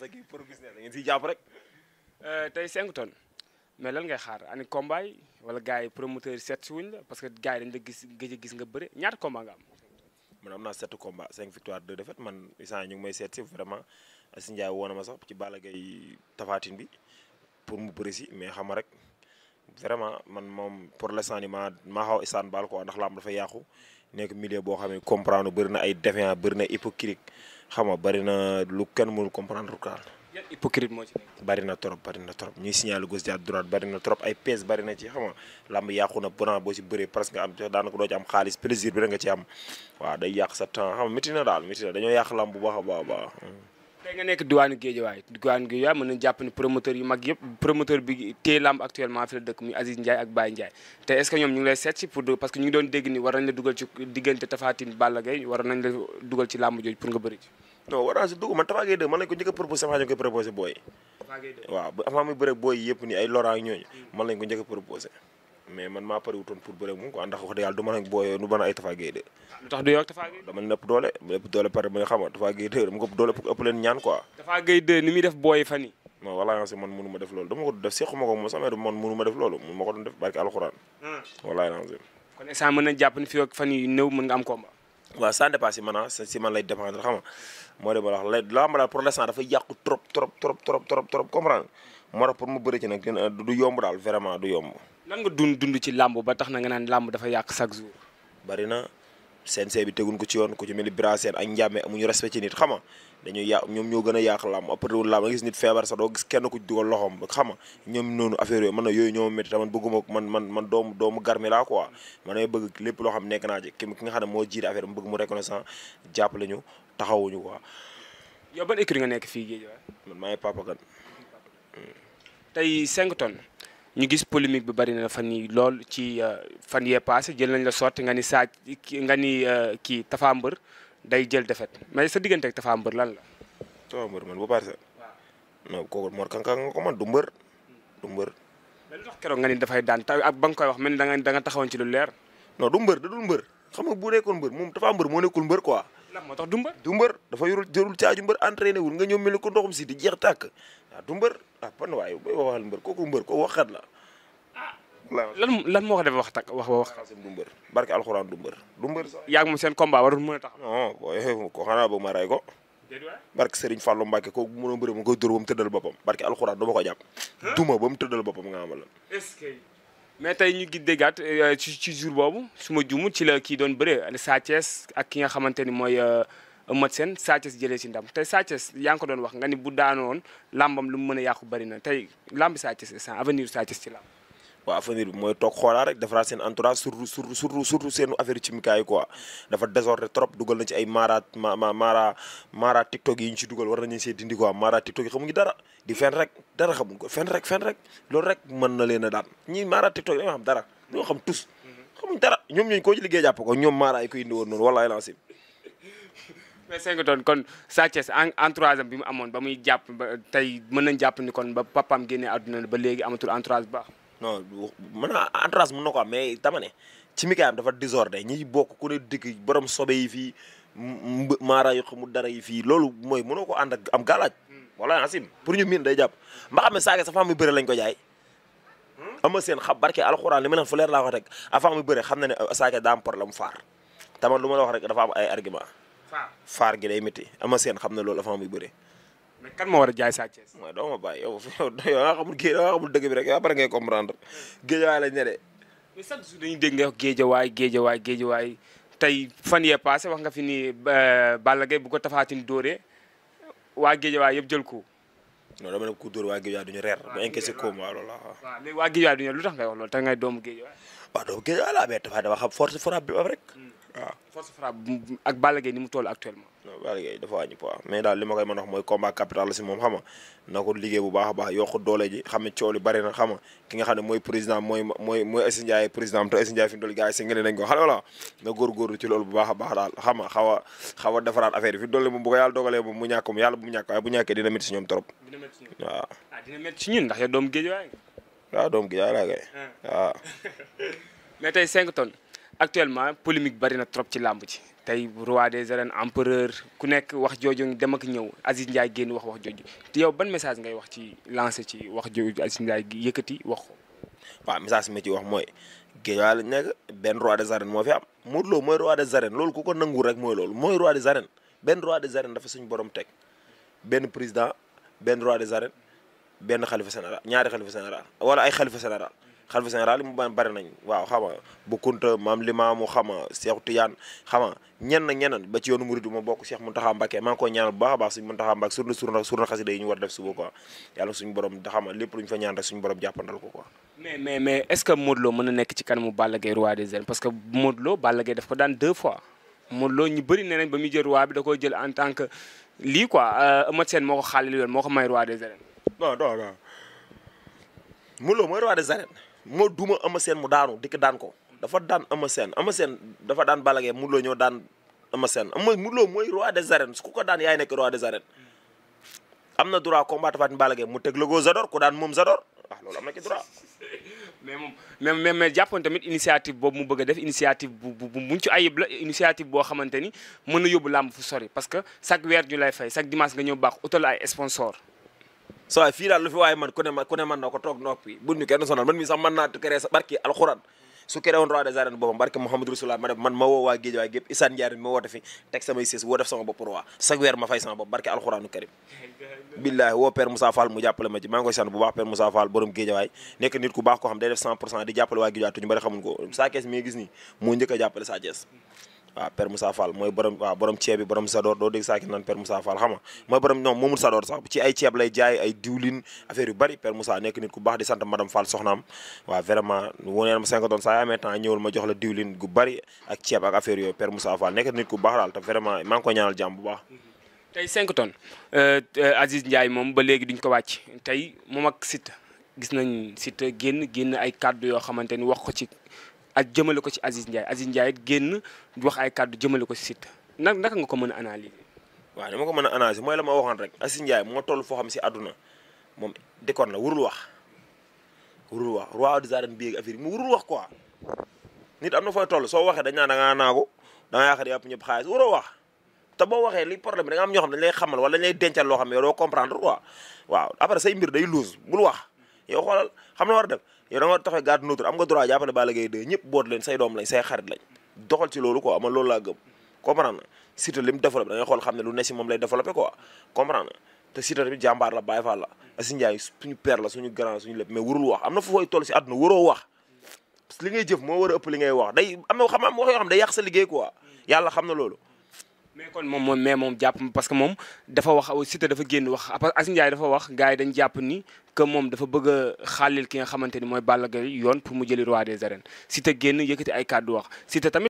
raxas la kii da ngeen siy jàpp rek. Euh, tey cinq tonnes mais lan ngay xaar ani combat yi wala gars yi promoteur yi seet si wuñ la parce que gars yi dañ la gis gëj a gis nga bëri ñaata combat nga am. man am naa 7 combats 5 victoires 2 défaites man instant ñu ngi may seet si vraiment Aziz Ndiaye woo na ma sax ci Balla Gaye tafaatin bi pour mu bëri si mais xam rek. vraiment man moom pour l'instant ni maa maa xaw isaan baal ko ndax lamb dafa yàqu nekk milieu boo xam ne comprendre bëri na ay déviant bëri na hypocrite xam nga bari na lu kenn mënul na trop bari na trop ñuy signaler gauche à droite bari na trop ay pièces bari na ci xam nga làmb yàqu boo ci bëree parce que daanaka doo ci am xaalis plaisir bi rek nga ci am waaw day yàq sa temps xam nga daal métti na yàq làmb bu baax a baax a baax. tey nga nekk diwaanu Géejawaay diwaanu Géejawaay mën nañu jàpp ne promoteur yu mag yëpp promoteur bi téye làmb actuellement fi la dëkk muy Aziz Ndiaye ak Baye Ndiaye te est ñoom ñu lay seet pour parce dugal ci làmb jooju pour nga bëri ci non Orange dugg man Tapha Gueye 2 man lañ ko njëkk a proposé booy waaw avant muy booy yëpp nii ay Laurent ñooñu man lañ ko njëkk a proposé mais man maa pare wutoon pour bëre moom a a ko doole pour ëpp leen ni muy def booy fan yi non wala man mënu def loolu dama ko def sequma ko moom sama man mënu def loolu ma ko doon def barke alxuraan ah. wala nga si mën na jàpp ni fii fan yi néew mën nga am combat waaw ça dépasse man ah, si lay dépendre xam nga moo de bala wax lamb daal pour l'instant dafa yàqu trop trop trop trop trop trop comprendre moo tax pour mu bëri ci nag du yomb daal vraiment du yomb. lan nga dund dund ci làmb ba tax na nga naan làmb dafa yàq chaque jour. bari na CNC bi tegun ko ci yoon ku ci mel ni Biraseen ak Ndiame amuñu respect ci nit xam nga dañuy yàq ñoom ñoo gën a yàq làmb après wul làmb nga gis nit feebar sax doo gis kenn ku dugal loxoom xam nga ñoom noonu affaire yooyu man na yooyu ñoo métti tamit bëgguma man doomu doomu laa quoi man damay bëgg lépp loo xam nekk naa ci ki nga xam ne moo jiite affaire mu bëgg mu reconnaissant jàppale ñu taxawuñu quoi. yow ban écurie nga nekk fii Guédiawaye man maa ngi Papa Kane. ñu gis polémique bi bari na fan yii lool ci euh, fan yee passé jël nañ la sotti nga ni saa nga ni euh, kii Tapha mbër day jël defet mais sa diggante ak Tapha Mbeur lan la. Tapha mbër man bu passé. waaw non kooku Mor ko man du mbër. du mbër. mais lu tax keroog ni dafay daan taw ak ba koy wax man da nga da nga taxawoon ci lu leer. non du mbër da dul mbër xam nga bu nekkoon mbër moom Tapha Mbeur moo nekkul mbër quoi. la moo tax du mbër du mbër dafa yorul jërul caaju mbër entraîné wul nga ñëw mel ni ko ndoxum si di jeex tàkk du mbër ah pan waaye bay waxal mbër kooku mbër kooku la ah, lan moo ko def wax tak wax ba wax du mbër barke du mbër du mbër sax yaag moom seen combat warul mën a tax non boo ko xanaa ma ray ko barke Serigne Fallou Mbacke kooku mënoo mbër ma koy dóor ba mu tëddal boppam barke alxuraan du ma ko jàpp duma ba mu tëddal boppam nga amal est mais tey ñu ngi déggaat euh, ci ci jour boobu suma ma ci la kii doon bëree Sa Thiès ak ki nga xamante ni mooy euh, Eumeu Sène Sa Thiès jëlee si ndam tey Sa Thiès yaa ngi ko doon wax nga ni bu daanoon làmbam lu mu mën a yàqu bari na tey làmb Sa Thiès instant avenir Sa ci làmb waa avenir bi mooy toog xoolaa rek defaraat seen entourage surtout surtout surtout seen affaire chimique yi quoi dafa désordre trop dugal na ci ay maara ma maara maara tiktok yi ñu ci dugal war nañu see dindi quoi maara tiktok yi xamuñu dara di fen rek dara xamuñ ko fen fen rek loolu rek mën na leen a daan ñi maara tiktok yi dañoo xam dara ñoo xam tus xamuñ ñoom ko koo ci jàpp ko ñoom maara yi ko indi woon noonu wallaay lancé mais 5 tonnes kon Sa Thiès en entourage bi mu amoon ba muy jàpp ba tey mën nañ jàpp ni kon ba papam génnee àdduna ba léegi amatul entourage bu baax non mën na entourage mën na ko am mais dama ne ci mikaayam dafa désordre ñi bokk ku ne dëkk borom sobe yi fii maara yu xamul dara yi fii loolu mooy mënoo ko ànd ak am galaaj hmm. wala asim pour ñu miin day jàpp ma xam ne saage sa femme yu bëre lañ ko jaay hmm? ama seen xam barke alxuraan li ma ne fu leer laa rek avant muy bëre xam na ne euh, saage daa am a faar tamit lu ma la wax rek dafa am ay argument faar gi day métti ama seen xam ne loolu avant muy bëre mais kan moo war a jaay Sa Thiès. mooy doo ma bàyyi yow yow yaa xamul géej yaa xamul dëgg bi rek yow après ngay comprendre géejawaay lañ ne de. mais chaque jour dañuy dégg nga wax géejawaay géejawaay géejawaay tey fan yee passé wax nga fi ni euh, Balla Gaye bu ko tafaatin dóoree waa géejawaay yëpp jël ko. non dama ne ku dóor waa géejawaay duñu reer. waaw duñu reer waaw loolu la waaw. waaw léegi waa géejawaay duñu lu tax ngay wax loolu tax ngay doomu géejawaay. waaw doomu géejawaay laa mais dafa dama xam force frappe bi am rek. Hmm. waaw force frappe ak Balla Gaye ni mu toll actuellement. non Balla Gaye dafa wàññi poids daal li koy mën a wax mooy combat capital si moom xam na ko liggéey bu baax a baax yokk doole ji xam ne coow li bari xam ne mooy président mooy mooy mooy président am toll gars yi nañ ko xale wala na góorgóorlu ci loolu bu baax a baax daal xam nga xaw a xaw a defaraat affaire yi fi doole moom bu ko yàlla dogalee moom mu ñàkk moom yàlla bu mu ñàkk waaye bu ñàkkee dina métti si ñoom trop waaw ah, dina métti si ñun ndax yow actuellement polémique bari na trop ci làmb ci tey roi des arènes empereur ku nekk wax jooju dem ak ñëw Aziz Ndiaye génn wax wax jooju te yow ban message ngay wax ci lancé ci wax jooju Aziz Ndiaye yëkkati wax ko. waaw message mi ci wax mooy Guédiawaye lañ nekk benn roi des arènes moo fi am Modou Lo mooy roi des arènes loolu ku ko nangu rek mooy loolu mooy roi des arènes benn roi des arènes dafa suñu borom teg benn président benn roi des arènes benn xalifa général ñaari xalifa général wala ay xalifa général xalifa général yi mu bari nañ waaw xama bu kunta maam limaamu xama Seexu Tijaan xama ñenn ñeneen ba ci yoonu murid ma bokk Cheikh Mountakha Mbacké maa ngi koy ñaanal bu baax a baax suñu Mountakha Mbacké surna surna surna xasida yi ñu war def suba quoi yàlla suñu borom da xama lépp lu ñu fa ñaan rek suñu borom jàppandal ko quoi mais mais mais est-ce que Modou Lo mën na nekk ci kanamu Balla Gaye roi des arènes parce que Modou Lo Balla Gaye daf ko daan deux fois Modou Lo ñu bëri nee nañ ba muy jël roi bi da koy jël en tant que lii quoi euh, Eumeu Sène moo ko xaalil yoon moo ko may roi des arènes non non non Modou Lo mooy roi des arènes moo duma Eumeu Sène mu daanu dikk daan ko dafa daan Eumeu Sène Eumeu Sène dafa daan Balla mu Modou Lô ñoo daan Eumeu Sène Eumeu Modou Lô mooy roi des arènes su ku ko daan yaay nekk roi des arènes am na droit combat Tapha Tine Balla Gaye mu teg logo Zador ku daan moom Zador waaw ah, loolu am na ci droit mais moom mais mais jàppoon tamit initiative boobu mu bëgg def initiative bu bu bu muñ ci initiative boo xamante ni mën na yóbbu làmb fu sori parce que chaque weer ñu lay fay chaque dimanche nga ñëw baax utal ay sponsor so waay fii daal lu fi waaye man ku ne man ku ne man na ko toog noppi bu ñu kenn sonal man mi sax mën naa créer sa barki alxuraan su créé woon roi des arènes boppam barki Mouhamadou Rasulullah ma def waa géej waay gépp Issa Ndiaye ma fi teg samay sées woo def sama bopp roi chaque weer ma fay sama bopp barki alxuraanu karim billaahi woo père Moussa Fall mu jàppale ma ci maa ngi waay nekk nit ku baax koo xam day def 100 pour cent di jàppale waa géej waay te waaw Père Moussa Fall mooy borom waaw borom ceeb bi borom Sador doo dégg saa ki naan Père Moussa Fall xam nga mooy borom non moomul Sador sax ci ay ceeb lay jaay ay diwlin affaire yu bari Père Moussa nekk nit ku baax di sant madame Fall soxnaam waaw vraiment woneen ma 5 tonnes saa amee temps ñëwul ak ceeb ak affaire yooyu Père Moussa Fall nekk nit ku baax daal te vraiment maa ngi ko ñaanal bu baax tey 5 tonnes euh, euh, Aziz Ndiaye moom ba léegi duñ ko wàcc tey moom ak Siteu gis nañ Siteu génn génn ay kàddu yoo xamante ni wax ko ci ak jëmale ko ci Aziz Ndiaye Aziz Ndiaye génn wax ay kàddu jëmale ko ci Siteu nag naka nga ko mën a analyser. waa ni ma ko mën a analyser mooy la ma waxoon rek Aziz Ndiaye moo toll foo si àdduna moom décor la warul wax warul wax roi des arènes bi ak affaire yi mu warul wax ko nit am na fooy toll soo waxee dañ naan da ngaa naagu da a yaakaar yàpp ñëpp xaalis waroo wax. te boo waxee li problème da nga am ñoo xam dañ lay xamal wala dañ lay dencal loo xam ne yow doo comprendre quoi waaw après say mbir day luus bul wax yow xoolal xam na war a yow da nga taxaw garde neutre am nga droit jàpp ne Balla Gaye 2 ñëpp boot leen say doom lañ say xarit lañ doxal ci loolu quoi man na Siteu li xam ne lu si moom lay développé quoi comprendre na te Siteu tamit jàmbaar la Baye Fall waroo wax li ngay jëf moo war a ëpp li ngay wax day am na xam am wax yoo xam day yàq sa liggéey quoi yàlla xam na loolu mais kon moom moom mais moom jàpp parce que moom dafa wax Siteu dafa génn wax après Aziz Ndiaye dafa wax gars yi dañ jàpp ni que moom dafa bëgg a ki nga xamante ni mooy Balla ga yoon pour mu jëli roi des arènes Siteu génn yëkkati ay kàddu wax Siteu tamit